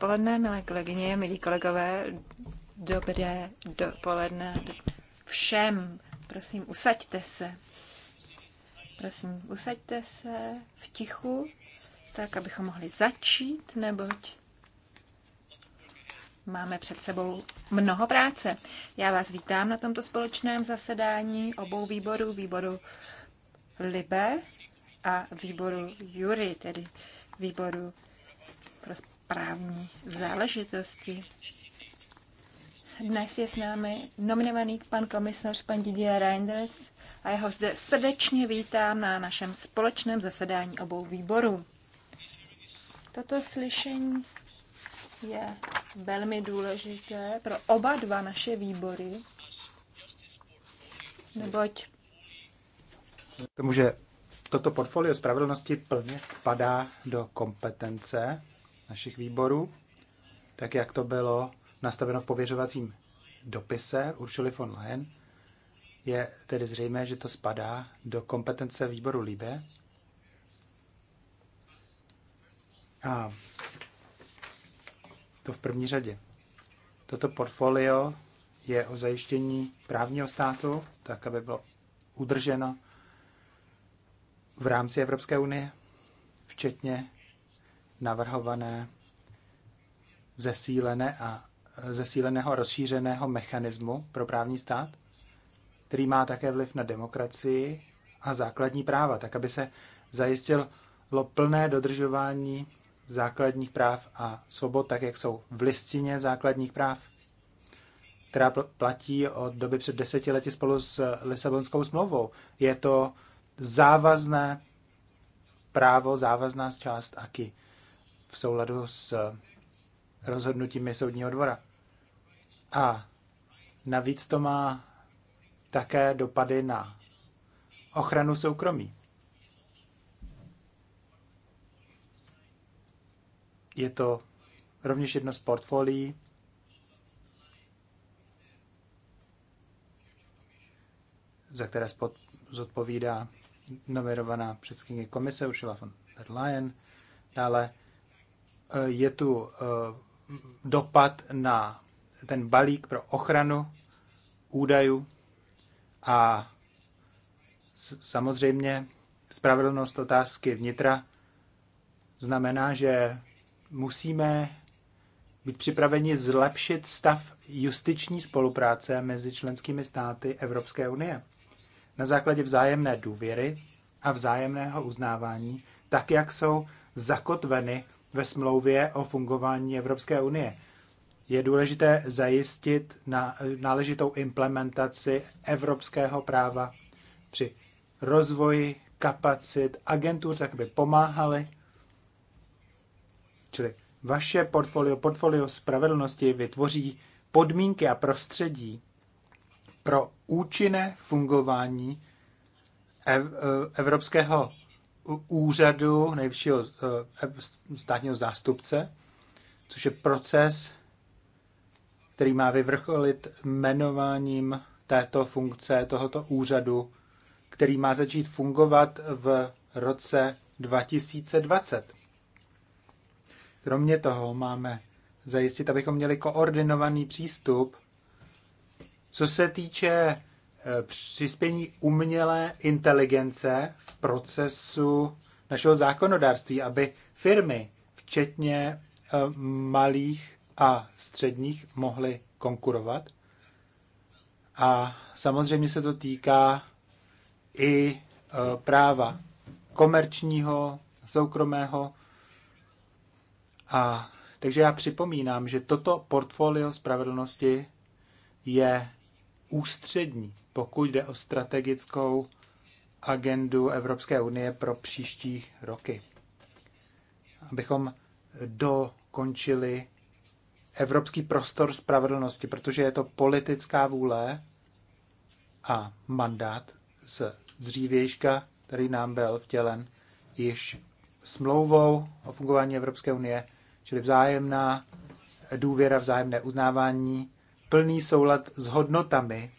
dopoledne, milé kolegyně, milí kolegové. Dobré dopoledne všem. Prosím, usaďte se. Prosím, usaďte se v tichu, tak abychom mohli začít, neboť máme před sebou mnoho práce. Já vás vítám na tomto společném zasedání obou výborů, výboru Libe a výboru Jury, tedy výboru pro právní záležitosti. Dnes je s námi nominovaný pan komisař pan Didier Reinders a jeho zde srdečně vítám na našem společném zasedání obou výborů. Toto slyšení je velmi důležité pro oba dva naše výbory, neboť tomu, že toto portfolio spravedlnosti plně spadá do kompetence našich výborů, tak jak to bylo nastaveno v pověřovacím dopise Uršuli von Leyen, je tedy zřejmé, že to spadá do kompetence výboru LIBE. A to v první řadě. Toto portfolio je o zajištění právního státu, tak aby bylo udrženo v rámci Evropské unie, včetně navrhované zesílené a zesíleného rozšířeného mechanismu pro právní stát, který má také vliv na demokracii a základní práva, tak aby se zajistilo plné dodržování základních práv a svobod, tak jak jsou v listině základních práv, která platí od doby před deseti lety spolu s Lisabonskou smlouvou. Je to závazné právo, závazná část AKI v souladu s eh, rozhodnutími soudního dvora. A navíc to má také dopady na ochranu soukromí. Je to rovněž jedno z portfolií, za které spod, zodpovídá nominovaná předsedkyně komise Ursula von der Leyen. Dále Eh, je tu eh, dopad na ten balík pro ochranu údajů a samozřejmě spravedlnost otázky vnitra znamená, že musíme být připraveni zlepšit stav justiční spolupráce mezi členskými státy Evropské unie na základě vzájemné důvěry a vzájemného uznávání, tak jak jsou zakotveny ve smlouvě o fungování Evropské unie. Je důležité zajistit na, náležitou implementaci evropského práva při rozvoji kapacit agentur, tak by pomáhali. Čili vaše portfolio, portfolio spravedlnosti vytvoří podmínky a prostředí pro účinné fungování ev, e, evropského úřadu nejvyššího eh, státního zástupce, což je proces, který má vyvrcholit jmenováním této funkce, tohoto úřadu, který má začít fungovat v roce 2020. Kromě toho máme zajistit, abychom měli koordinovaný přístup, co se týče Eh, přispění umělé inteligence v procesu našeho zákonodárství, aby firmy, včetně eh, malých a středních, mohly konkurovat. A samozřejmě se to týká i eh, práva komerčního, soukromého. A takže já připomínám, že toto portfolio spravedlnosti je ústřední, pokud jde o strategickou agendu Evropské unie pro příští roky. Abychom dokončili evropský prostor spravedlnosti, protože je to politická vůle a mandát z dřívějška, který nám byl vtělen již smlouvou o fungování Evropské unie, čili vzájemná důvěra, vzájemné uznávání plný soulad s hodnotami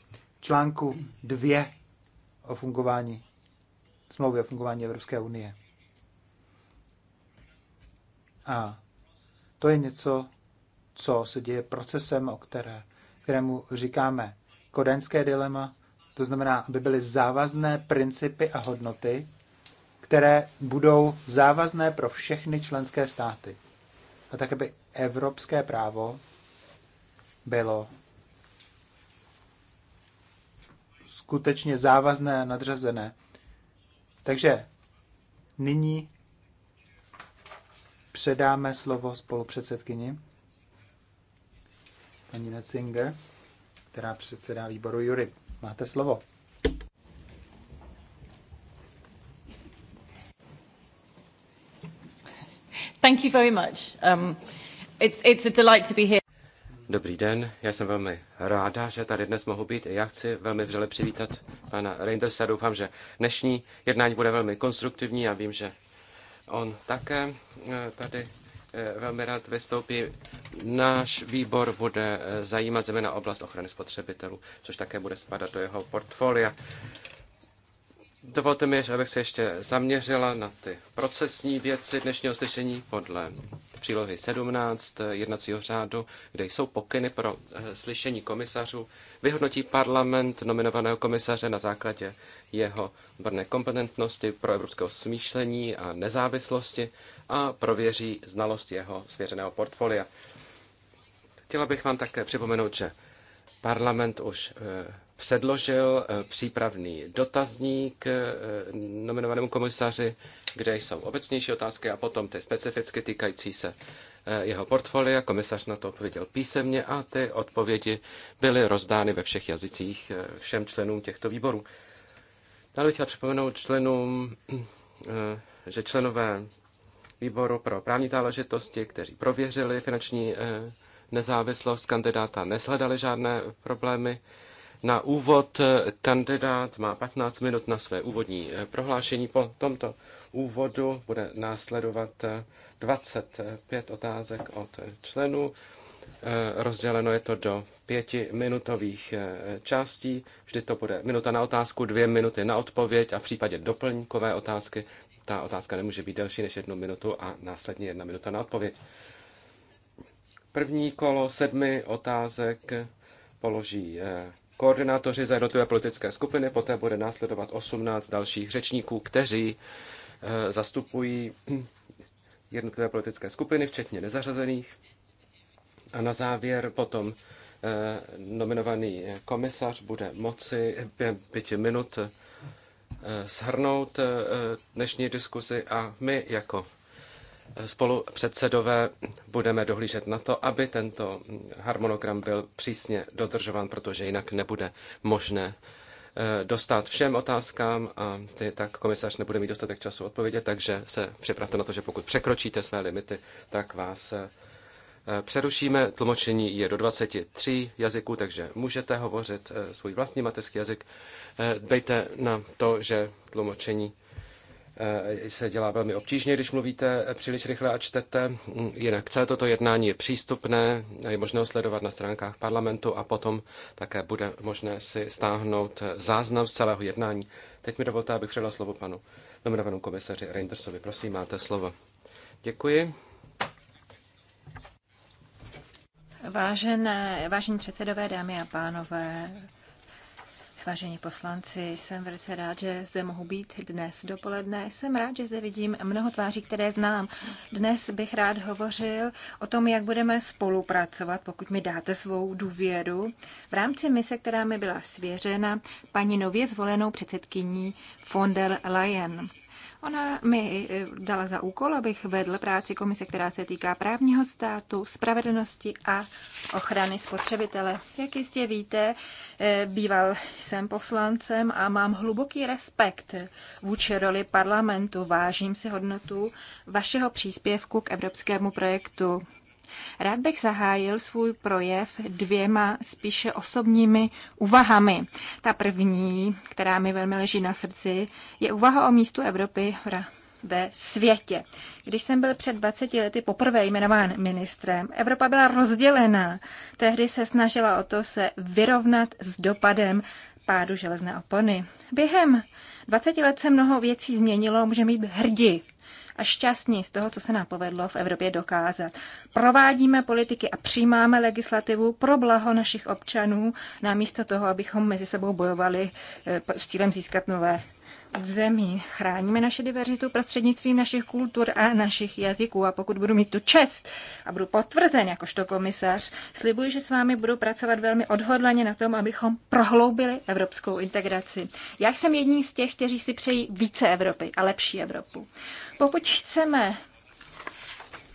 článku 2 o fungování smlouvy o fungování Evropské unie. A to je něco, co se děje procesem, o které, kterému říkáme kodenské dilema, to znamená, aby byly závazné principy a hodnoty, které budou závazné pro všechny členské státy. A tak, aby evropské právo bylo skutečně závazné a nadřazené. Takže nyní předáme slovo spolupředsedkyni, paní Netzinger, která předsedá výboru Jury. Máte slovo. Thank you very much. Um, it's, it's a delight to be here. Dobrý den, já jsem velmi ráda, že tady dnes mohu být. Já chci velmi vřele přivítat pana Reindersa. Doufám, že dnešní jednání bude velmi konstruktivní. Já vím, že on také eh, tady eh, velmi rád vystoupí. Náš výbor bude eh, zajímat zejména oblast ochrany spotřebitelů, což také bude spadat do jeho portfolia. Dovolte mi, abych se ještě zaměřila na ty procesní věci dnešního slyšení podle přílohy 17 jednacího řádu, kde jsou pokyny pro eh, slyšení komisařů. Vyhodnotí parlament nominovaného komisaře na základě jeho brné kompetentnosti pro evropského smýšlení a nezávislosti a prověří znalost jeho svěřeného portfolia. Chtěla bych vám také připomenout, že parlament už eh, předložil eh, přípravný dotazník eh, nominovanému komisaři, kde jsou obecnější otázky a potom ty specificky týkající se eh, jeho portfolia. Komisař na to odpověděl písemně a ty odpovědi byly rozdány ve všech jazycích všem členům těchto výborů. Dále bych chtěl připomenout členům, že členové výboru pro právní záležitosti, kteří prověřili finanční nezávislost kandidáta, nesledali žádné problémy na úvod eh, kandidát má 15 minut na své úvodní eh, prohlášení. Po tomto úvodu bude následovat 25 eh, otázek od členů. Rozděleno je to do pětiminutových částí. Vždy to bude minuta na otázku, dvě minuty na odpověď a v případě doplňkové otázky ta otázka nemůže být delší než jednu minutu a následně jedna minuta na odpověď. První kolo sedmi otázek položí koordinátoři za jednotlivé politické skupiny, poté bude následovat 18 dalších řečníků, kteří eh, zastupují jednotlivé politické skupiny, včetně nezařazených. A na závěr potom eh, nominovaný komisař bude moci během pěti minut eh, shrnout dnešní diskuzi a my jako spolupředsedové budeme dohlížet na to, aby tento harmonogram byl přísně dodržován, protože jinak nebude možné eh, dostat všem otázkám a stejně tak komisař nebude mít dostatek času odpovědět, takže se připravte na to, že pokud překročíte své limity, tak vás eh, eh, přerušíme. Tlumočení je do 23 jazyků, takže můžete hovořit svůj vlastní mateřský jazyk. Dbejte na to, že tlumočení Eh, se dělá velmi obtížně, když mluvíte eh, příliš rychle a čtete. Mm, jinak celé toto jednání je přístupné, je možné ho sledovat na stránkách parlamentu a potom také bude možné si stáhnout eh, záznam z celého jednání. Teď mi dovolte, abych předala slovo panu nominovanému komisaři Reindersovi. Prosím, máte slovo. Děkuji. Vážené, vážení předsedové, dámy a pánové, Vážení poslanci, jsem velice rád, že zde mohu být dnes dopoledne. Jsem rád, že zde vidím mnoho tváří, které znám. Dnes bych rád hovořil o tom, jak budeme spolupracovat, pokud mi dáte svou důvěru, v rámci mise, která mi byla svěřena paní nově zvolenou předsedkyní von der Leyen. Ona mi eh, dala za úkol, abych vedl práci komise, která se týká právního státu, spravedlnosti a ochrany spotřebitele. Jak jistě víte, eh, býval jsem poslancem a mám hluboký respekt vůči roli parlamentu. Vážím si hodnotu vašeho příspěvku k evropskému projektu. Rád bych zahájil svůj projev dvěma spíše osobními uvahami. Ta první, která mi velmi leží na srdci, je uvaha o místu Evropy ve světě. Když jsem byl před 20 lety poprvé jmenován ministrem, Evropa byla rozdělená. Tehdy se snažila o to se vyrovnat s dopadem pádu železné opony. Během 20 let se mnoho věcí změnilo, můžeme být hrdi a šťastní z toho, co se nám povedlo v Evropě dokázat. Provádíme politiky a přijímáme legislativu pro blaho našich občanů, namísto toho, abychom mezi sebou bojovali eh, s cílem získat nové zemí. Chráníme naše diverzitu prostřednictvím našich kultur a našich jazyků. A pokud budu mít tu čest a budu potvrzen jakožto komisař, slibuji, že s vámi budu pracovat velmi odhodlaně na tom, abychom prohloubili evropskou integraci. Já jsem jedním z těch, kteří si přejí více Evropy a lepší Evropu. Pokud chceme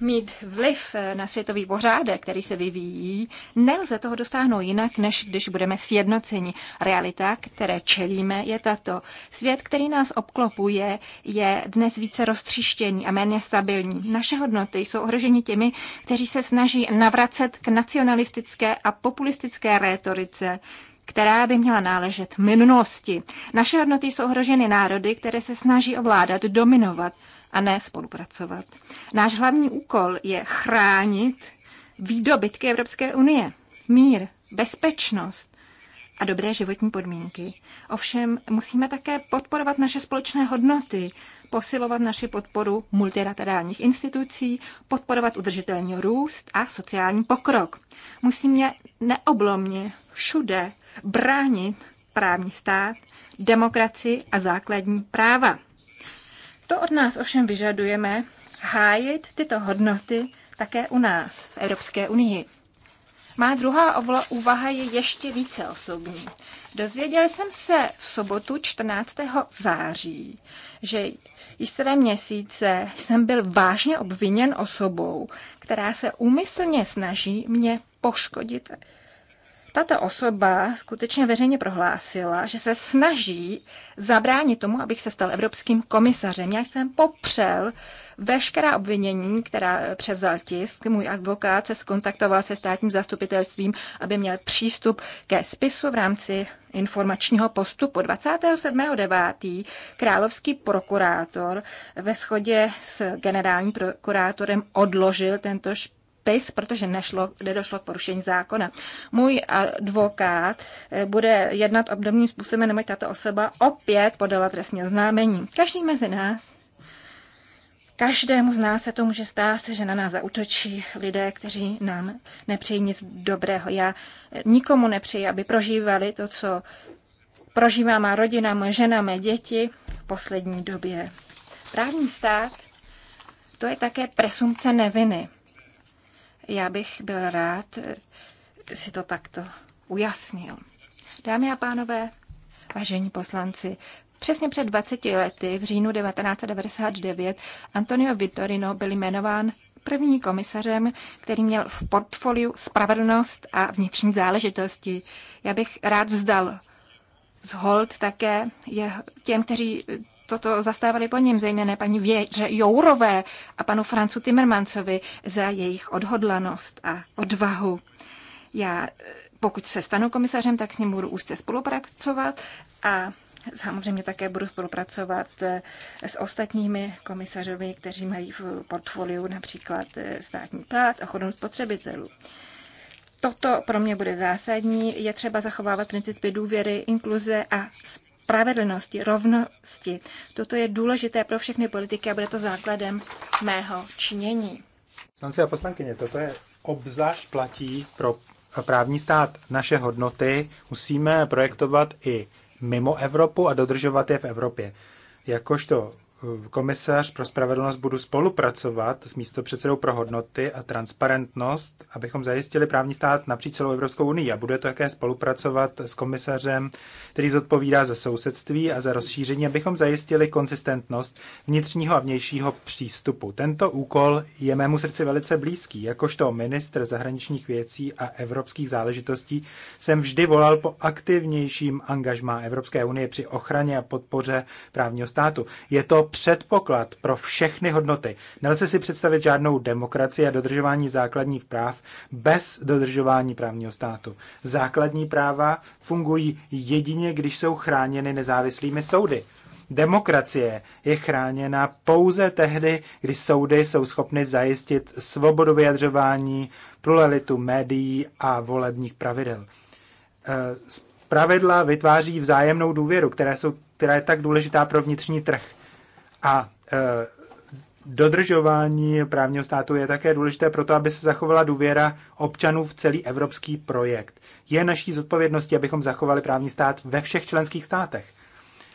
mít vliv eh, na světový pořádek, který se vyvíjí, nelze toho dostáhnout jinak, než když budeme sjednoceni. Realita, které čelíme, je tato. Svět, který nás obklopuje, je dnes více roztříštěný a méně stabilní. Naše hodnoty jsou ohroženi těmi, kteří se snaží navracet k nacionalistické a populistické rétorice, která by měla náležet minulosti. Naše hodnoty jsou ohroženy národy, které se snaží ovládat, dominovat a ne spolupracovat. Náš hlavní úkol je chránit výdobytky Evropské unie. Mír, bezpečnost a dobré životní podmínky. Ovšem musíme také podporovat naše společné hodnoty, posilovat naši podporu multilaterálních institucí, podporovat udržitelný růst a sociální pokrok. Musíme neoblomně všude bránit právní stát, demokracii a základní práva. To od nás ovšem vyžadujeme hájit tyto hodnoty také u nás, v Evropské unii. Má druhá úvaha je ještě více osobní. Dozvěděl jsem se v sobotu 14. září, že již celé měsíce jsem byl vážně obviněn osobou, která se úmyslně snaží mě poškodit tato osoba skutečně veřejně prohlásila, že se snaží zabránit tomu, abych se stal evropským komisařem. Já jsem popřel veškerá obvinění, která převzal tisk. Můj advokát se skontaktoval se státním zastupitelstvím, aby měl přístup ke spisu v rámci informačního postupu. 27.9. královský prokurátor ve shodě s generálním prokurátorem odložil tento špatný spis, protože nešlo, nedošlo k porušení zákona. Můj advokát eh, bude jednat obdobným způsobem, neboť tato osoba opět podala trestní oznámení. Každý mezi nás Každému z nás se to může stát, že na nás zautočí lidé, kteří nám nepřejí nic dobrého. Já eh, nikomu nepřeji, aby prožívali to, co prožívá má rodina, moje žena, mé děti v poslední době. Právní stát, to je také presumce neviny. Já bych byl rád eh, si to takto ujasnil. Dámy a pánové, vážení poslanci, Přesně před 20 lety, v říjnu 1999, Antonio Vittorino byl jmenován první komisařem, který měl v portfoliu spravedlnost a vnitřní záležitosti. Já bych rád vzdal z hold také těm, kteří toto zastávali po něm, zejména paní Věře Jourové a panu Francu Timmermancovi za jejich odhodlanost a odvahu. Já, eh, pokud se stanu komisařem, tak s ním budu úzce spolupracovat a Samozřejmě také budu spolupracovat eh, s ostatními komisařovi, kteří mají v portfoliu například eh, státní plát, chodnost spotřebitelů. Toto pro mě bude zásadní. Je třeba zachovávat principy důvěry, inkluze a spravedlnosti, rovnosti. Toto je důležité pro všechny politiky a bude to základem mého činění. Poslanci a poslankyně, toto je obzvlášť platí pro právní stát. Naše hodnoty musíme projektovat i mimo Evropu a dodržovat je v Evropě. Jakožto komisař pro spravedlnost budu spolupracovat s místopředsedou pro hodnoty a transparentnost, abychom zajistili právní stát napříč celou Evropskou unii a bude to také spolupracovat s komisařem, který zodpovídá za sousedství a za rozšíření, abychom zajistili konsistentnost vnitřního a vnějšího přístupu. Tento úkol je mému srdci velice blízký. Jakožto ministr zahraničních věcí a evropských záležitostí jsem vždy volal po aktivnějším angažmá Evropské unie při ochraně a podpoře právního státu. Je to předpoklad pro všechny hodnoty. Nelze si představit žádnou demokracii a dodržování základních práv bez dodržování právního státu. Základní práva fungují jedině, když jsou chráněny nezávislými soudy. Demokracie je chráněna pouze tehdy, kdy soudy jsou schopny zajistit svobodu vyjadřování, pluralitu médií a volebních pravidel. Eh, pravidla vytváří vzájemnou důvěru, která, jsou, která je tak důležitá pro vnitřní trh. A e, dodržování právního státu je také důležité proto, aby se zachovala důvěra občanů v celý evropský projekt. Je naší zodpovědností, abychom zachovali právní stát ve všech členských státech.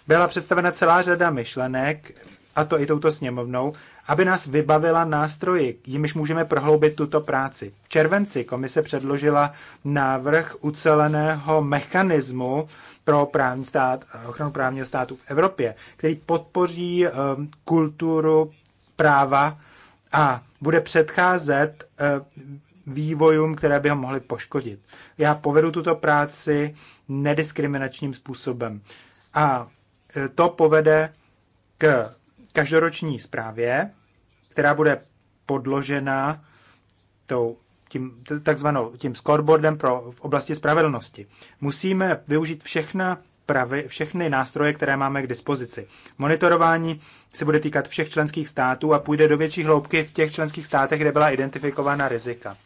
Byla představena celá řada myšlenek, a to i touto sněmovnou, aby nás vybavila nástroji, jimiž můžeme prohloubit tuto práci. V červenci komise předložila návrh uceleného mechanismu pro právní stát a ochranu právního státu v Evropě, který podpoří um, kulturu práva a bude předcházet um, vývojům, které by ho mohly poškodit. Já povedu tuto práci nediskriminačním způsobem. A eh, to povede k každoroční zprávě, která bude podložena tou, tím, takzvanou tím scoreboardem pro, v oblasti spravedlnosti. Musíme využít všechna pravi, všechny nástroje, které máme k dispozici. Monitorování se bude týkat všech členských států a půjde do větší hloubky v těch členských státech, kde byla identifikována rizika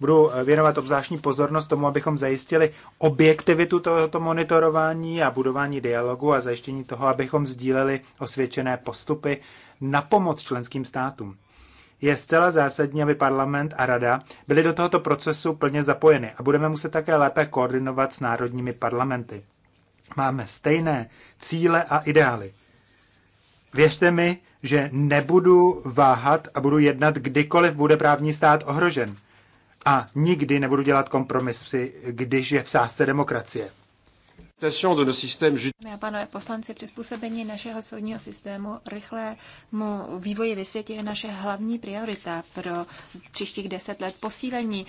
budu eh, věnovat obzvláštní pozornost tomu, abychom zajistili objektivitu tohoto monitorování a budování dialogu a zajištění toho, abychom sdíleli osvědčené postupy na pomoc členským státům. Je zcela zásadní, aby parlament a rada byly do tohoto procesu plně zapojeny a budeme muset také lépe koordinovat s národními parlamenty. Máme stejné cíle a ideály. Věřte mi, že nebudu váhat a budu jednat, kdykoliv bude právní stát ohrožen a nikdy nebudu dělat kompromisy, když je v sázce demokracie. Dámy a pánové poslanci, přizpůsobení našeho soudního systému rychlému vývoji ve světě je naše hlavní priorita pro příštích deset let. Posílení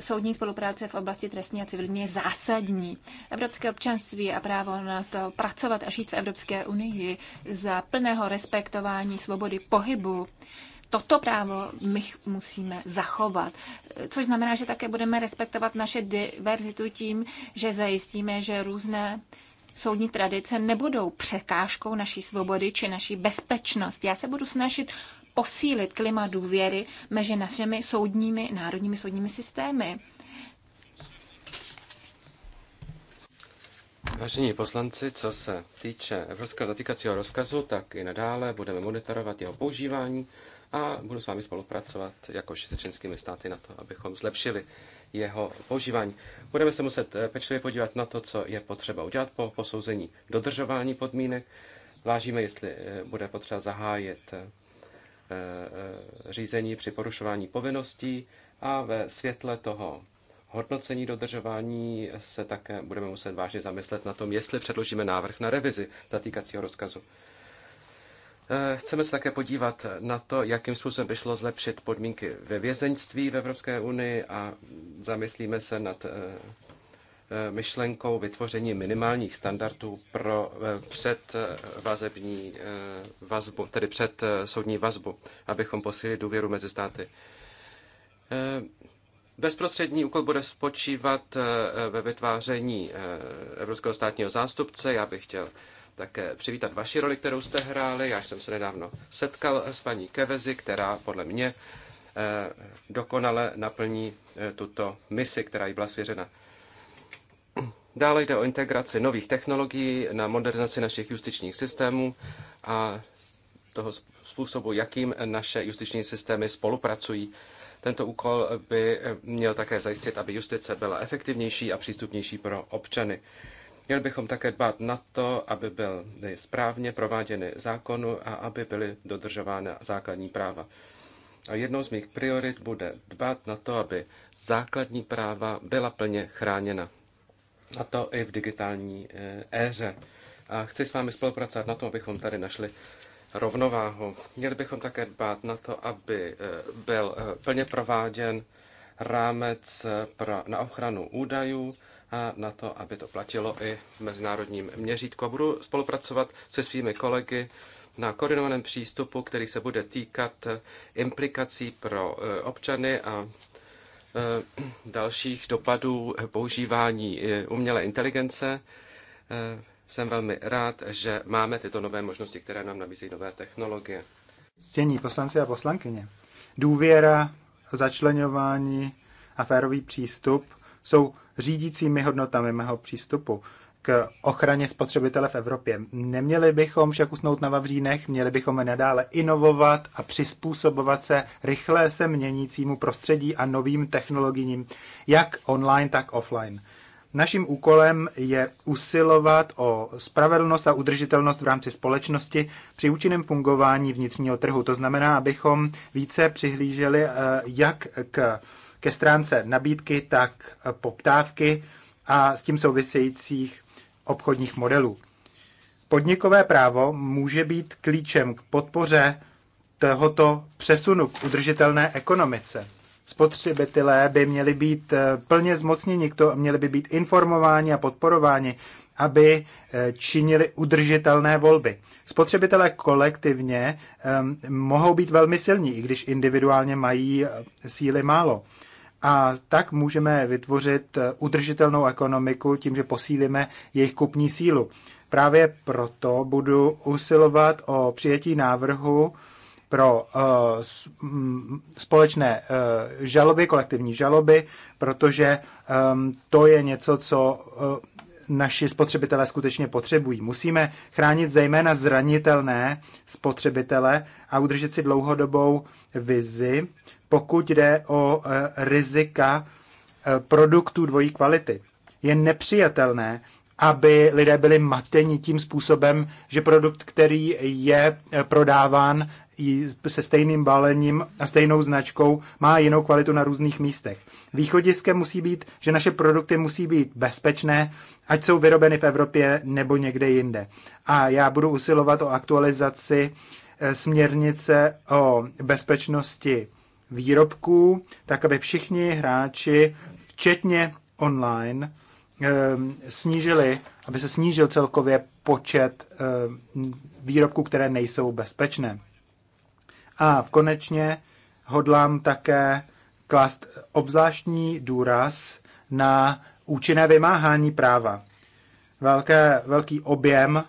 soudní spolupráce v oblasti trestní a civilní je zásadní. Evropské občanství a právo na to pracovat a žít v Evropské unii za plného respektování svobody pohybu toto právo my musíme zachovat. Což znamená, že také budeme respektovat naše diverzitu tím, že zajistíme, že různé soudní tradice nebudou překážkou naší svobody či naší bezpečnosti. Já se budu snažit posílit klima důvěry mezi našimi soudními, národními soudními systémy. Vážení poslanci, co se týče Evropského zatýkacího rozkazu, tak i nadále budeme monitorovat jeho používání a budu s vámi spolupracovat jako s členskými státy na to, abychom zlepšili jeho používání. Budeme se muset eh, pečlivě podívat na to, co je potřeba udělat po posouzení dodržování podmínek. Vážíme, jestli eh, bude potřeba zahájit eh, řízení při porušování povinností a ve světle toho hodnocení dodržování se také budeme muset vážně zamyslet na tom, jestli předložíme návrh na revizi zatýkacího rozkazu. Eh, chceme se také podívat na to, jakým způsobem by šlo zlepšit podmínky ve vězeňství v Evropské unii a zamyslíme se nad eh, eh, myšlenkou vytvoření minimálních standardů pro předvazební vazbu, tedy před soudní vazbu, abychom posílili důvěru mezi státy. Bezprostřední úkol bude spočívat ve vytváření evropského státního zástupce. Já bych chtěl také přivítat vaši roli, kterou jste hráli. Já jsem se nedávno setkal s paní Kevezi, která podle mě eh, dokonale naplní eh, tuto misi, která jí byla svěřena. Dále jde o integraci nových technologií na modernizaci našich justičních systémů a toho způsobu, jakým naše justiční systémy spolupracují. Tento úkol by eh, měl také zajistit, aby justice byla efektivnější a přístupnější pro občany. Měli bychom také dbát na to, aby byly správně prováděny zákonu a aby byly dodržována základní práva. A jednou z mých priorit bude dbát na to, aby základní práva byla plně chráněna. A to i v digitální e, éře. A chci s vámi spolupracovat na tom, abychom tady našli rovnováhu. Měli bychom také dbát na to, aby e, byl e, plně prováděn rámec pro, na ochranu údajů, na to, aby to platilo i v mezinárodním měřítku. A budu spolupracovat se svými kolegy na koordinovaném přístupu, který se bude týkat eh, implikací pro eh, občany a eh, dalších dopadů používání umělé inteligence. Jsem velmi rád, že máme tyto nové možnosti, které nám nabízí nové technologie. Stění poslanci a poslankyně. Důvěra, začlenování a férový přístup jsou řídícími hodnotami mého přístupu k ochraně spotřebitele v Evropě. Neměli bychom však usnout na vavřínech, měli bychom nadále inovovat a přizpůsobovat se rychle se měnícímu prostředí a novým technologiím, jak online, tak offline. Naším úkolem je usilovat o spravedlnost a udržitelnost v rámci společnosti při účinném fungování vnitřního trhu. To znamená, abychom více přihlíželi eh, jak k ke stránce nabídky, tak poptávky a s tím souvisejících obchodních modelů. Podnikové právo může být klíčem k podpoře tohoto přesunu k udržitelné ekonomice. Spotřebitelé by měli být eh, plně zmocněni, to, měli by být informováni a podporováni, aby eh, činili udržitelné volby. Spotřebitelé kolektivně eh, mohou být velmi silní, i když individuálně mají síly málo. A tak můžeme vytvořit eh, udržitelnou ekonomiku tím, že posílíme jejich kupní sílu. Právě proto budu usilovat o přijetí návrhu pro uh, společné uh, žaloby, kolektivní žaloby, protože um, to je něco, co uh, naši spotřebitelé skutečně potřebují. Musíme chránit zejména zranitelné spotřebitele a udržet si dlouhodobou vizi, pokud jde o e, rizika e, produktů dvojí kvality. Je nepřijatelné, aby lidé byli mateni tím způsobem, že produkt, který je e, prodáván se stejným balením a stejnou značkou, má jinou kvalitu na různých místech. Východiskem musí být, že naše produkty musí být bezpečné, ať jsou vyrobeny v Evropě nebo někde jinde. A já budu usilovat o aktualizaci směrnice o bezpečnosti výrobků, tak aby všichni hráči, včetně online, ehm, snížili, aby se snížil celkově počet ehm, výrobků, které nejsou bezpečné. A v konečně hodlám také klást obzvláštní důraz na účinné vymáhání práva. Velké, velký objem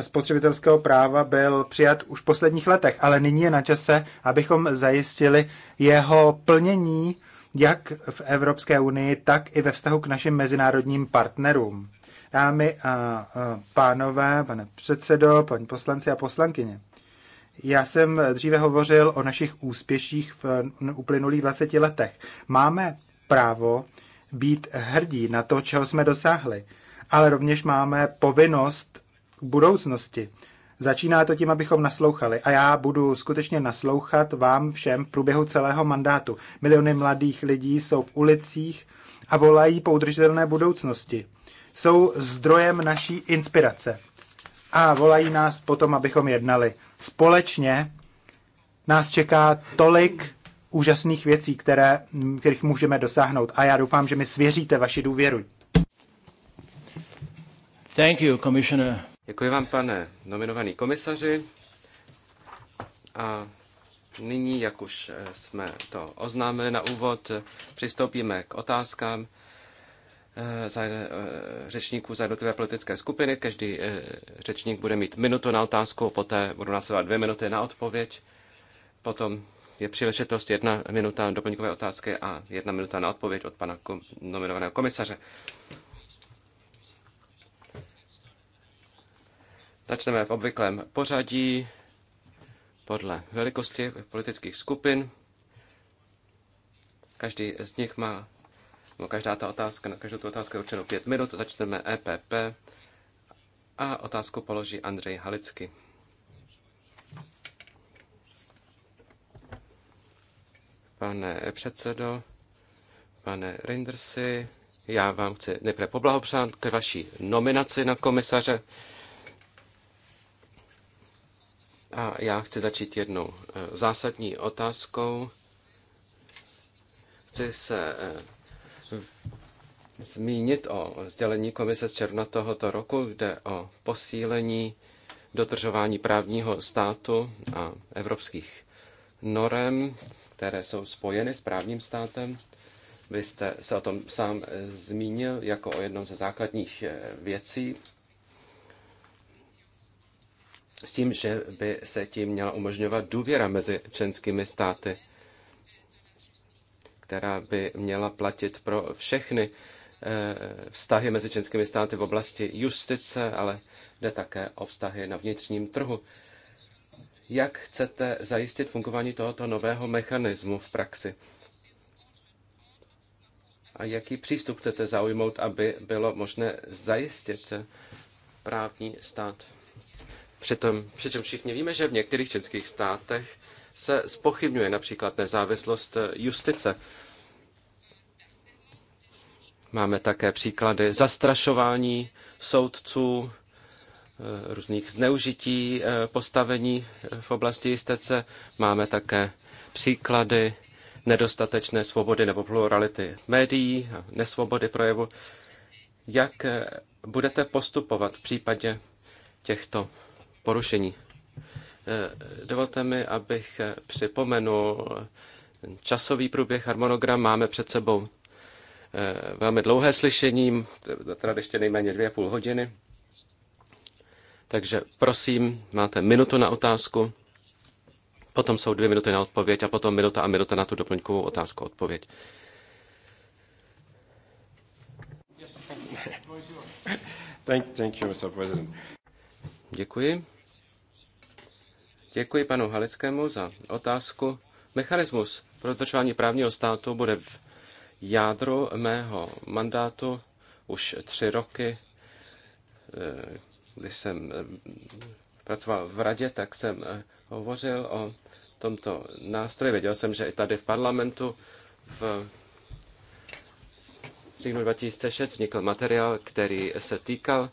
spotřebitelského práva byl přijat už v posledních letech, ale nyní je na čase, abychom zajistili jeho plnění jak v Evropské unii, tak i ve vztahu k našim mezinárodním partnerům. Dámy a pánové, pane předsedo, paní poslanci a poslankyně, já jsem dříve hovořil o našich úspěších v uplynulých 20 letech. Máme právo být hrdí na to, čeho jsme dosáhli, ale rovněž máme povinnost k budoucnosti. Začíná to tím, abychom naslouchali. A já budu skutečně naslouchat vám všem v průběhu celého mandátu. Miliony mladých lidí jsou v ulicích a volají po udržitelné budoucnosti. Jsou zdrojem naší inspirace. A volají nás potom, abychom jednali. Společně nás čeká tolik úžasných věcí, které, kterých můžeme dosáhnout. A já doufám, že mi svěříte vaši důvěru. Thank you, Commissioner. Děkuji vám, pane nominovaný komisaři. A nyní, jak už eh, jsme to oznámili na úvod, přistoupíme k otázkám eh, za, eh, řečníků za jednotlivé politické skupiny. Každý řečník bude mít minutu na otázku, poté budou následovat dvě minuty na odpověď. Potom je příležitost jedna minuta doplňkové otázky a jedna minuta na odpověď od pana nominovaného komisaře. Začneme v obvyklém pořadí podle velikosti politických skupin. Každý z nich má, no každá ta otázka, na každou tu otázku je určeno pět minut. Začneme EPP a otázku položí Andrej Halicky. Pane předsedo, pane Rindersi, já vám chci nejprve poblahopřát k vaší nominaci na komisaře. A já chci začít jednou eh, zásadní otázkou. Chci se eh, zmínit o sdělení komise z června tohoto roku, kde o posílení dodržování právního státu a evropských norem, které jsou spojeny s právním státem. Vy jste se o tom sám eh, zmínil jako o jednom ze základních věcí s tím, že by se tím měla umožňovat důvěra mezi členskými státy, která by měla platit pro všechny eh, vztahy mezi členskými státy v oblasti justice, ale jde také o vztahy na vnitřním trhu. Jak chcete zajistit fungování tohoto nového mechanismu v praxi? A jaký přístup chcete zaujmout, aby bylo možné zajistit právní stát? Přitom, přičem všichni víme, že v některých českých státech se spochybňuje například nezávislost eh, justice. Máme také příklady zastrašování soudců, eh, různých zneužití eh, postavení v oblasti jistece. Máme také příklady nedostatečné svobody nebo plurality médií a nesvobody projevu. Jak budete postupovat v případě těchto porušení. Eh, dovolte mi, abych eh, připomenul časový průběh harmonogram. Máme před sebou eh, velmi dlouhé slyšení, teda ještě nejméně dvě a půl hodiny. Takže prosím, máte minutu na otázku, potom jsou dvě minuty na odpověď a potom minuta a minuta na tu doplňkovou otázku odpověď. Thank, thank you, Mr. President. Děkuji. Děkuji panu Halickému za otázku. Mechanismus pro dodržování právního státu bude v jádru mého mandátu už tři roky. Eh, když jsem eh, pracoval v radě, tak jsem eh, hovořil o tomto nástroji. Věděl jsem, že i tady v parlamentu v říjnu 2006 vznikl materiál, který se týkal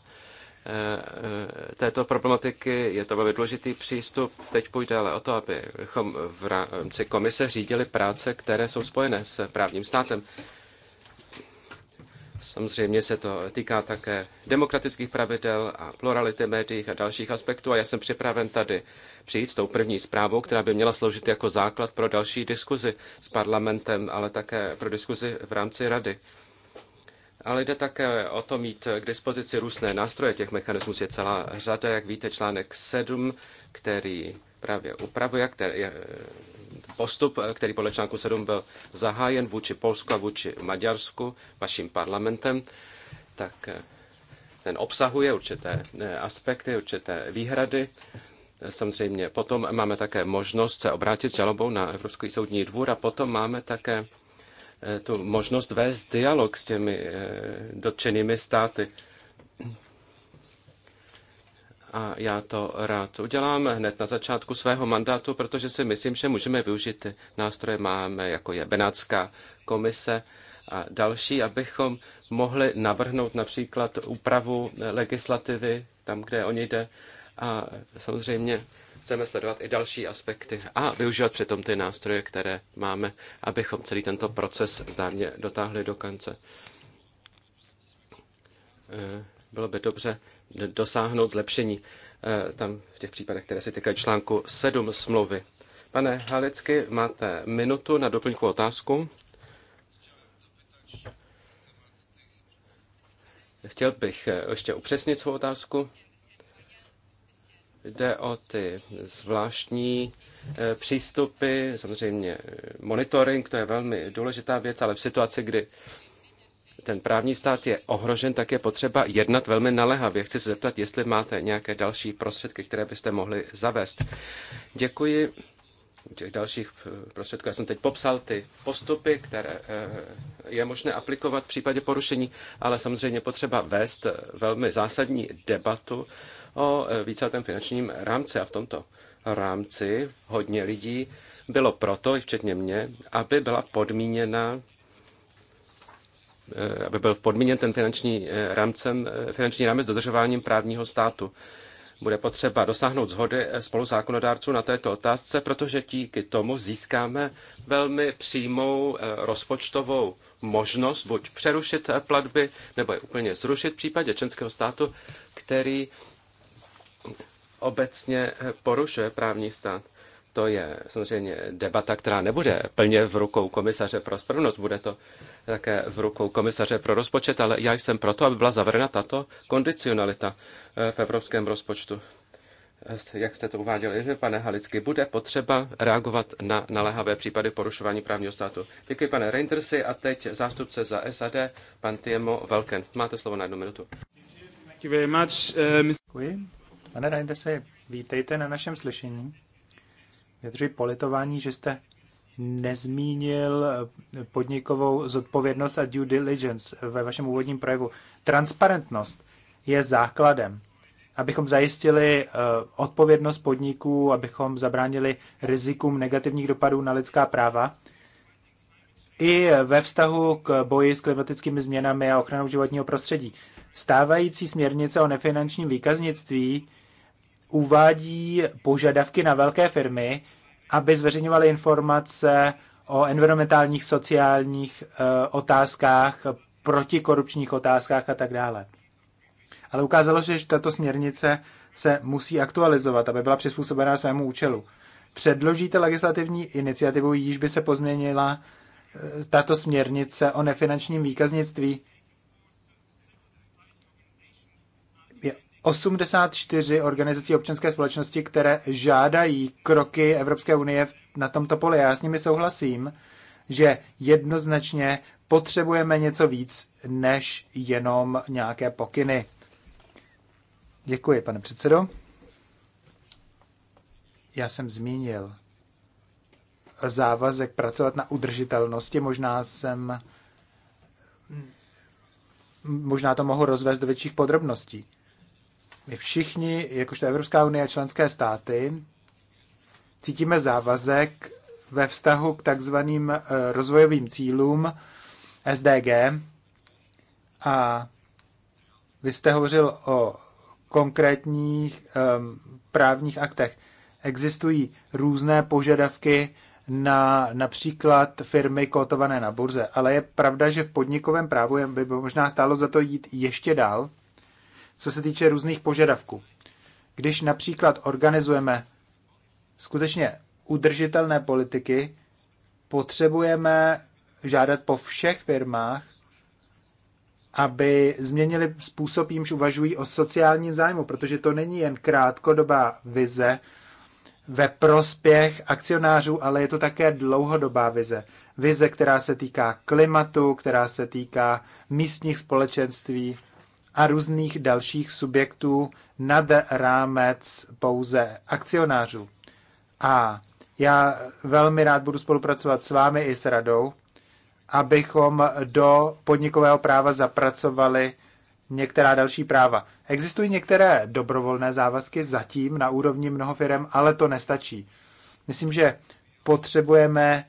Eh, eh, této problematiky. Je to velmi důležitý přístup. Teď půjde ale o to, abychom v rámci komise řídili práce, které jsou spojené s právním státem. Samozřejmě se to týká také demokratických pravidel a plurality médií a dalších aspektů a já jsem připraven tady přijít s tou první zprávou, která by měla sloužit jako základ pro další diskuzi s parlamentem, ale také pro diskuzi v rámci rady ale jde také o to mít k dispozici různé nástroje. Těch mechanismů je celá řada, jak víte, článek 7, který právě upravuje, který, eh, postup, eh, který podle článku 7 byl zahájen vůči Polsku a vůči Maďarsku vaším parlamentem, tak eh, ten obsahuje určité aspekty, určité výhrady. Samozřejmě potom máme také možnost se obrátit žalobou na Evropský soudní dvůr a potom máme také Eh, tu možnost vést dialog s těmi eh, dotčenými státy. A já to rád udělám hned na začátku svého mandátu, protože si myslím, že můžeme využít ty nástroje, máme jako je Benátská komise a další, abychom mohli navrhnout například úpravu legislativy tam, kde o ní jde, a samozřejmě chceme sledovat i další aspekty a využívat přitom ty nástroje, které máme, abychom celý tento proces zdárně dotáhli do konce. Eh, bylo by dobře dosáhnout zlepšení eh, tam v těch případech, které se týkají článku 7 smlouvy. Pane Halicky, máte minutu na doplňkovou otázku. Chtěl bych eh, ještě upřesnit svou otázku jde o ty zvláštní eh, přístupy, samozřejmě monitoring, to je velmi důležitá věc, ale v situaci, kdy ten právní stát je ohrožen, tak je potřeba jednat velmi naléhavě. Chci se zeptat, jestli máte nějaké další prostředky, které byste mohli zavést. Děkuji. Těch dalších eh, prostředků. Já jsem teď popsal ty postupy, které eh, je možné aplikovat v případě porušení, ale samozřejmě potřeba vést velmi zásadní debatu o e, víceletém finančním rámci. A v tomto rámci hodně lidí bylo proto, i včetně mě, aby byla podmíněna e, aby byl podmíněn ten finanční, e, rámcem, finanční rámec dodržováním právního státu. Bude potřeba dosáhnout zhody spolu zákonodárců na této otázce, protože díky tomu získáme velmi přímou rozpočtovou možnost buď přerušit platby, nebo je úplně zrušit v případě členského státu, který obecně porušuje právní stát. To je samozřejmě debata, která nebude plně v rukou komisaře pro spravedlnost, bude to také v rukou komisaře pro rozpočet, ale já jsem proto, aby byla zavrna tato kondicionalita eh, v evropském rozpočtu. Eh, jak jste to uváděli, že eh, pane Halicky, bude potřeba reagovat na naléhavé případy porušování právního státu. Děkuji, pane Reintersi a teď zástupce za SAD, pan Tiemo Velken. Máte slovo na jednu minutu. Děkuji. Pane Reindesi, vítejte na našem slyšení. Vědřuji politování, že jste nezmínil podnikovou zodpovědnost a due diligence ve vašem úvodním projevu. Transparentnost je základem, abychom zajistili eh, odpovědnost podniků, abychom zabránili rizikům negativních dopadů na lidská práva. I ve vztahu k boji s klimatickými změnami a ochranou životního prostředí. Stávající směrnice o nefinančním výkaznictví uvádí požadavky na velké firmy, aby zveřejňovaly informace o environmentálních, sociálních eh, otázkách, protikorupčních otázkách a tak dále. Ale ukázalo se, že tato směrnice se musí aktualizovat, aby byla přizpůsobená svému účelu. Předložíte legislativní iniciativu, již by se pozměnila eh, tato směrnice o nefinančním výkaznictví, 84 organizací občanské společnosti, které žádají kroky Evropské unie na tomto poli. Já s nimi souhlasím, že jednoznačně potřebujeme něco víc než jenom nějaké pokyny. Děkuji, pane předsedo. Já jsem zmínil závazek pracovat na udržitelnosti. Možná jsem možná to mohu rozvést do větších podrobností. My všichni, jakožto Evropská unie a členské státy, cítíme závazek ve vztahu k takzvaným eh, rozvojovým cílům SDG. A vy jste hovořil o konkrétních um, právních aktech. Existují různé požadavky na například firmy kotované na burze, ale je pravda, že v podnikovém právu by možná stálo za to jít ještě dál co se týče různých požadavků. Když například organizujeme skutečně udržitelné politiky, potřebujeme žádat po všech firmách, aby změnili způsob, jimž uvažují o sociálním zájmu, protože to není jen krátkodobá vize ve prospěch akcionářů, ale je to také dlouhodobá vize. Vize, která se týká klimatu, která se týká místních společenství a různých dalších subjektů nad rámec pouze akcionářů. A já velmi rád budu spolupracovat s vámi i s radou, abychom do podnikového práva zapracovali některá další práva. Existují některé dobrovolné závazky zatím na úrovni mnoho firm, ale to nestačí. Myslím, že potřebujeme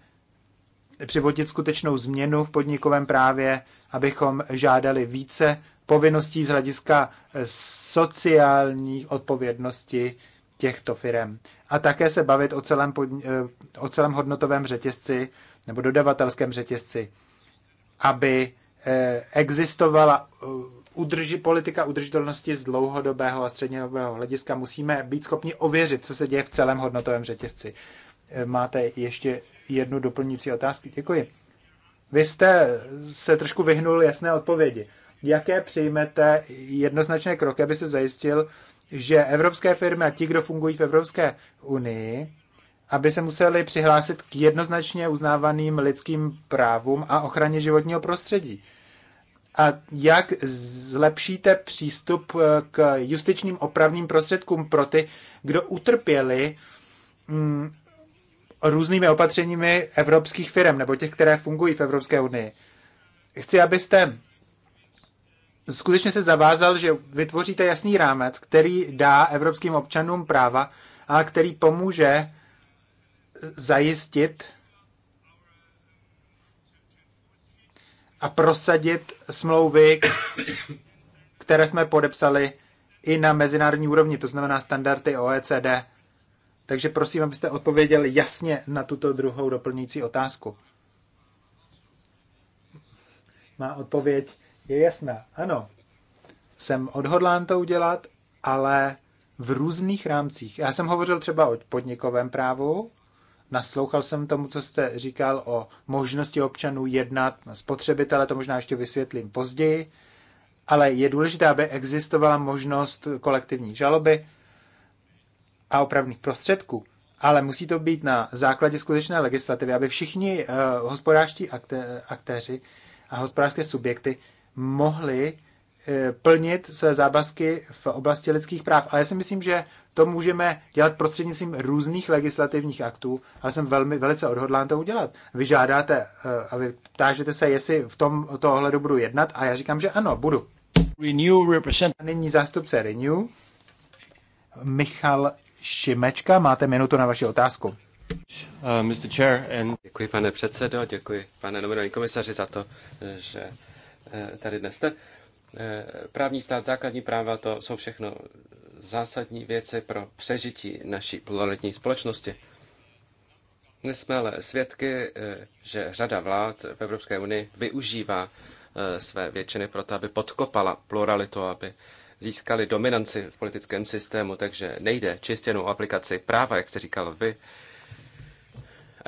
přivodit skutečnou změnu v podnikovém právě, abychom žádali více povinností z hlediska eh, sociálních odpovědnosti těchto firm. A také se bavit o celém, eh, o celém hodnotovém řetězci nebo dodavatelském řetězci, aby eh, existovala udrži, politika udržitelnosti z dlouhodobého a střednědobého hlediska. Musíme být schopni ověřit, co se děje v celém hodnotovém řetězci. Máte ještě jednu doplňující otázku? Děkuji. Vy jste se trošku vyhnul jasné odpovědi jaké přijmete jednoznačné kroky, aby se zajistil, že evropské firmy a ti, kdo fungují v Evropské unii, aby se museli přihlásit k jednoznačně uznávaným lidským právům a ochraně životního prostředí. A jak zlepšíte přístup eh, k justičním opravným prostředkům pro ty, kdo utrpěli mm, různými opatřeními evropských firm nebo těch, které fungují v Evropské unii? Chci, abyste skutečně se zavázal, že vytvoříte jasný rámec, který dá evropským občanům práva a který pomůže zajistit a prosadit smlouvy, které jsme podepsali i na mezinárodní úrovni, to znamená standardy OECD. Takže prosím, abyste odpověděli jasně na tuto druhou doplňující otázku. Má odpověď je jasná. Ano, jsem odhodlán to udělat, ale v různých rámcích. Já jsem hovořil třeba o podnikovém právu, naslouchal jsem tomu, co jste říkal o možnosti občanů jednat na spotřebitele, to možná ještě vysvětlím později, ale je důležité, aby existovala možnost kolektivní žaloby a opravných prostředků. Ale musí to být na základě skutečné legislativy, aby všichni uh, hospodářští akté- aktéři a hospodářské subjekty mohli eh, plnit své závazky v oblasti lidských práv. Ale já si myslím, že to můžeme dělat prostřednictvím různých legislativních aktů, ale jsem velmi, velice odhodlán to udělat. Vy žádáte eh, a vy ptážete se, jestli v tom ohledu budu jednat a já říkám, že ano, budu. Renew represent... Nyní zástupce Renew, Michal Šimečka, máte minutu na vaši otázku. Uh, Mr. Chair and... Děkuji, pane předsedo, děkuji, pane nominální komisaři, za to, eh, že Eh, tady dnes jste. Eh, právní stát, základní práva, to jsou všechno zásadní věci pro přežití naší pluralitní společnosti. Dnes jsme ale svědky, eh, že řada vlád v Evropské unii využívá své většiny pro to, aby podkopala pluralitu, aby získali dominanci v politickém systému, takže nejde čistě o aplikaci práva, jak jste říkal vy,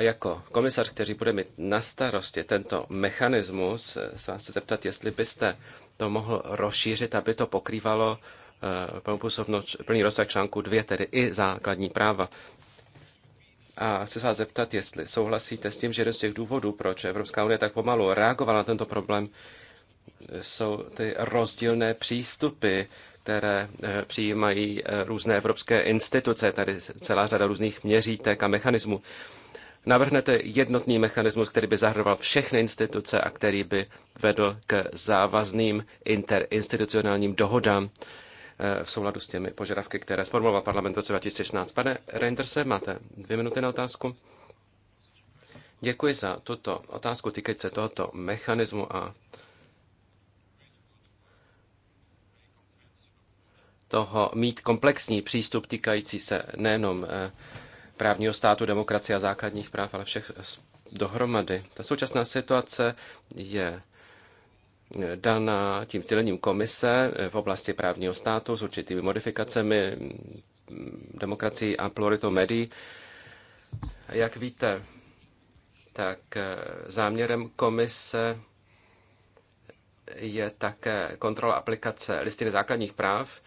a jako komisař, který bude mít na starosti tento mechanismus, eh, se vás chci zeptat, jestli byste to mohl rozšířit, aby to pokrývalo eh, plný rozsah článku 2, tedy i základní práva. A chci se vás zeptat, jestli souhlasíte s tím, že jeden z těch důvodů, proč Evropská unie tak pomalu reagovala na tento problém, jsou ty rozdílné přístupy, které eh, přijímají různé evropské instituce, tady celá řada různých měřítek a mechanismů navrhnete jednotný mechanismus, který by zahrnoval všechny instituce a který by vedl k závazným interinstitucionálním dohodám eh, v souladu s těmi požadavky, které sformuloval parlament v roce 2016. Pane Reinderse, máte dvě minuty na otázku. Děkuji za tuto otázku týkající se tohoto mechanismu a toho mít komplexní přístup týkající se nejenom eh, právního státu, demokracie a základních práv, ale všech dohromady. Ta současná situace je e, daná tím sdělením komise e, v oblasti právního státu s určitými modifikacemi mm, demokracií a pluralitou médií. Jak víte, tak e, záměrem komise je také kontrola aplikace listiny základních práv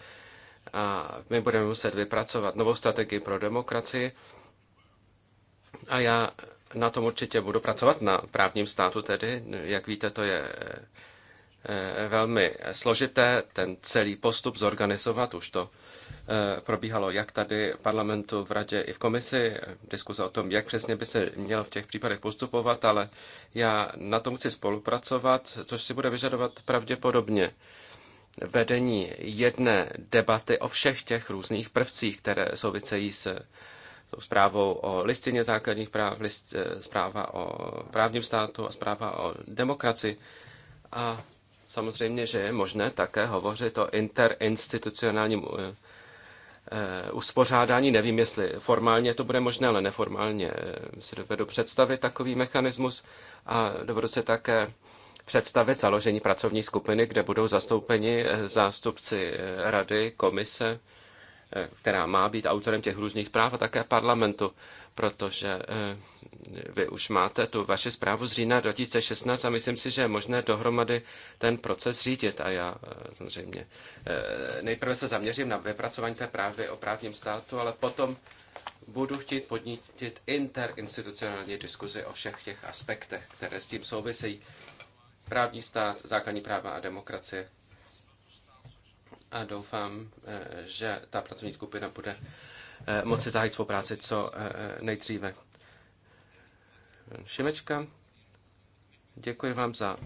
a my budeme muset vypracovat novou strategii pro demokracii a já na tom určitě budu pracovat, na právním státu tedy. Jak víte, to je eh, velmi složité ten celý postup zorganizovat. Už to eh, probíhalo jak tady v parlamentu, v radě i v komisi. Diskuze o tom, jak přesně by se mělo v těch případech postupovat, ale já na tom chci spolupracovat, což si bude vyžadovat pravděpodobně vedení jedné debaty o všech těch různých prvcích, které souvisejí se tou zprávou o listině základních práv, list, eh, zpráva o právním státu a zpráva o demokracii. A samozřejmě, že je možné také hovořit o interinstitucionálním eh, eh, uspořádání. Nevím, jestli formálně to bude možné, ale neformálně si dovedu představit takový mechanismus a dovedu se také představit založení pracovní skupiny, kde budou zastoupeni zástupci rady, komise, Eh, která má být autorem těch různých zpráv a také parlamentu, protože eh, vy už máte tu vaši zprávu z října 2016 a myslím si, že je možné dohromady ten proces řídit. A já eh, samozřejmě nejprve se zaměřím na vypracování té právy o právním státu, ale potom budu chtít podnítit interinstitucionální diskuzi o všech těch aspektech, které s tím souvisejí. Právní stát, základní práva a demokracie a doufám, eh, že ta pracovní skupina bude eh, moci zahájit svou práci co eh, nejdříve. Šimečka, děkuji vám za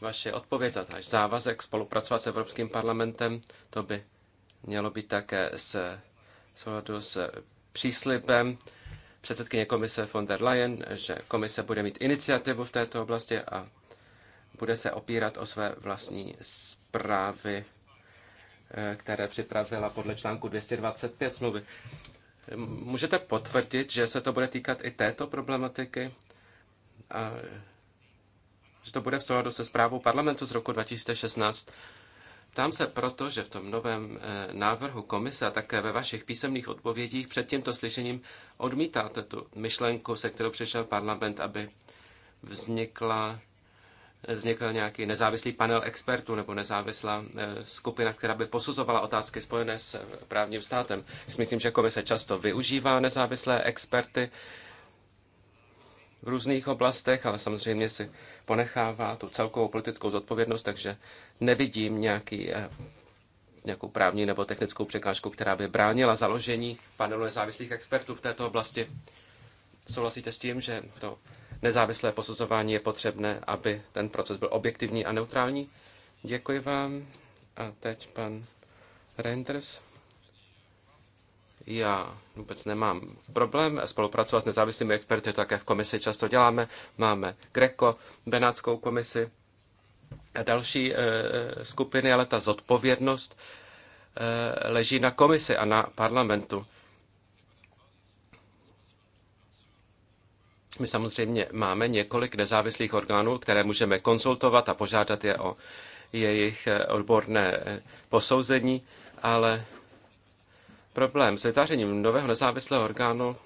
vaše odpověď, za váš závazek spolupracovat s Evropským parlamentem. To by mělo být také s, souladu s příslibem předsedkyně komise von der Leyen, že komise bude mít iniciativu v této oblasti a bude se opírat o své vlastní zprávy Eh, které připravila podle článku 225 smlouvy. Můžete potvrdit, že se to bude týkat i této problematiky a že to bude v souladu se zprávou parlamentu z roku 2016. Tam se proto, že v tom novém eh, návrhu komise a také ve vašich písemných odpovědích před tímto slyšením odmítáte tu myšlenku, se kterou přišel parlament, aby vznikla vznikl nějaký nezávislý panel expertů nebo nezávislá eh, skupina, která by posuzovala otázky spojené s eh, právním státem. Myslím, že komise často využívá nezávislé experty v různých oblastech, ale samozřejmě si ponechává tu celkovou politickou zodpovědnost, takže nevidím nějaký, eh, nějakou právní nebo technickou překážku, která by bránila založení panelu nezávislých expertů v této oblasti. Souhlasíte s tím, že to nezávislé posuzování je potřebné, aby ten proces byl objektivní a neutrální. Děkuji vám. A teď pan Reinders. Já vůbec nemám problém spolupracovat s nezávislými experty, to také v komisi často děláme. Máme Greco, Benátskou komisi a další e, skupiny, ale ta zodpovědnost e, leží na komisi a na parlamentu. My samozřejmě máme několik nezávislých orgánů, které můžeme konzultovat a požádat je o jejich eh, odborné eh, posouzení, ale problém s vytvářením nového nezávislého orgánu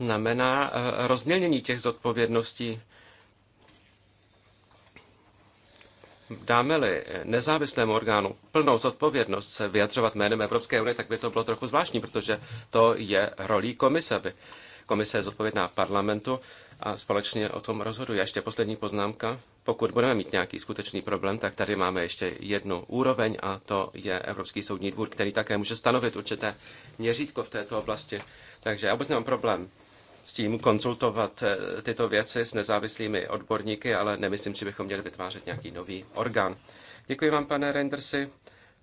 znamená eh, rozmělnění těch zodpovědností. Dáme-li nezávislému orgánu plnou zodpovědnost se vyjadřovat jménem Evropské unie, tak by to bylo trochu zvláštní, protože to je rolí komise, aby Komise je zodpovědná parlamentu a společně o tom rozhoduje. Ještě poslední poznámka. Pokud budeme mít nějaký skutečný problém, tak tady máme ještě jednu úroveň a to je Evropský soudní dvůr, který také může stanovit určité měřítko v této oblasti. Takže já vůbec nemám problém s tím konzultovat eh, tyto věci s nezávislými odborníky, ale nemyslím, že bychom měli vytvářet nějaký nový orgán. Děkuji vám, pane Rendersi.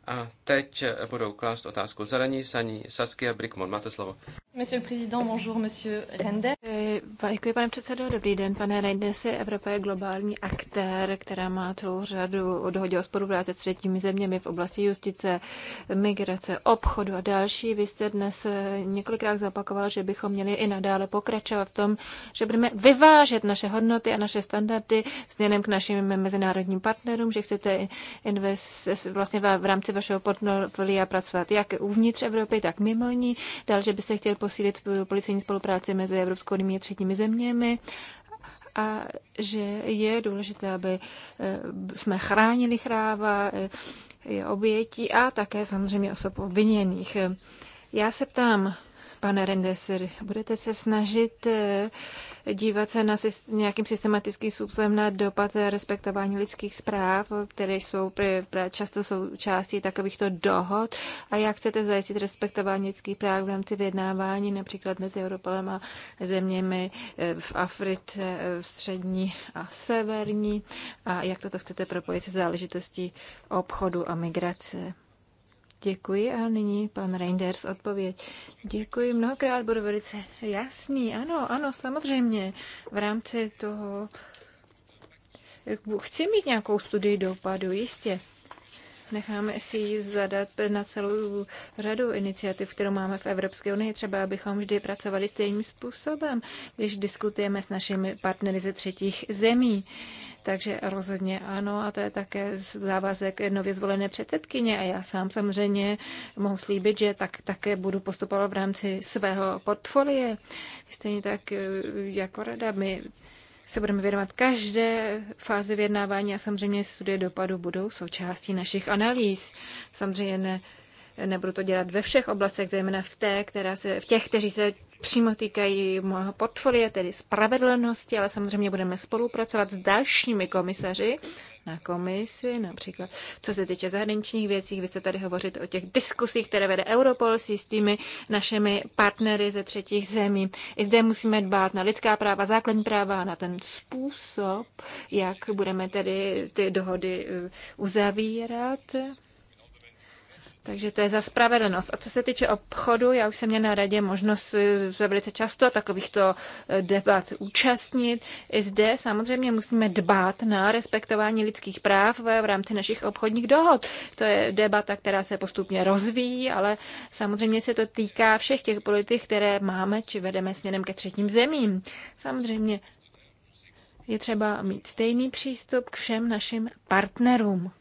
A teď eh, budou klást otázku zelení, saní, Saskia Brickmon. Máte slovo. Monsieur le président, bonjour, monsieur Rende. Eh, děkuji, pane předsedo. Dobrý den, pane Rende. si Evropa je globální aktér, která má celou řadu dohodě o spolupráci s třetími zeměmi v oblasti justice, migrace, obchodu a další. Vy jste dnes eh, několikrát zopakoval, že bychom měli i nadále pokračovat v tom, že budeme vyvážet naše hodnoty a naše standardy směrem k našim mezinárodním partnerům, že chcete invest, vlastně v rámci vašeho portfolia pracovat jak uvnitř Evropy, tak mimo ní. Dál, že byste chtěl posílit policejní spolupráci mezi Evropskou unii a třetími zeměmi a že je důležité, aby eh, jsme chránili chráva, eh, obětí a také samozřejmě osob obviněných. Já se ptám, Pane Rendeser, budete se snažit eh, dívat se na systém, nějakým systematickým způsobem na dopad eh, respektování lidských zpráv, které jsou často součástí takovýchto dohod a jak chcete zajistit respektování lidských práv v rámci vyjednávání například mezi Europolem a zeměmi eh, v Africe, v střední a severní a jak toto chcete propojit se záležitostí obchodu a migrace. Děkuji a nyní pan Reinders odpověď. Děkuji mnohokrát, budu velice jasný. Ano, ano, samozřejmě. V rámci toho eh, chci mít nějakou studii dopadu, jistě. Necháme si ji zadat na celou řadu iniciativ, kterou máme v Evropské unii. Třeba abychom vždy pracovali stejným způsobem, když diskutujeme s našimi partnery ze třetích zemí. Uh, takže rozhodně ano a to je také závazek nově zvolené předsedkyně a já sám samozřejmě mohu slíbit, že tak také budu postupovat v rámci svého portfolie. Stejně tak eh, jako rada, my se budeme věnovat každé fázi vyjednávání a samozřejmě studie dopadu budou součástí našich analýz. Samozřejmě ne, nebudu to dělat ve všech oblastech, zejména v té, která se, v těch, kteří se přímo týkají mého portfolia, tedy spravedlnosti, ale samozřejmě budeme spolupracovat s dalšími komisaři na komisi, například co se týče zahraničních věcí, vy jste tady hovořit o těch diskusích, které vede Europol s tými našimi partnery ze třetích zemí. I zde musíme dbát na lidská práva, základní práva a na ten způsob, jak budeme tedy ty dohody eh, uzavírat. Takže to je za spravedlnost. A co se týče obchodu, já už jsem měla na radě možnost eh, se velice často takovýchto eh, debat účastnit. I zde samozřejmě musíme dbát na respektování lidských práv v rámci našich obchodních dohod. To je debata, která se postupně rozvíjí, ale samozřejmě se to týká všech těch politik, které máme či vedeme směrem ke třetím zemím. Samozřejmě je třeba mít stejný přístup k všem našim partnerům.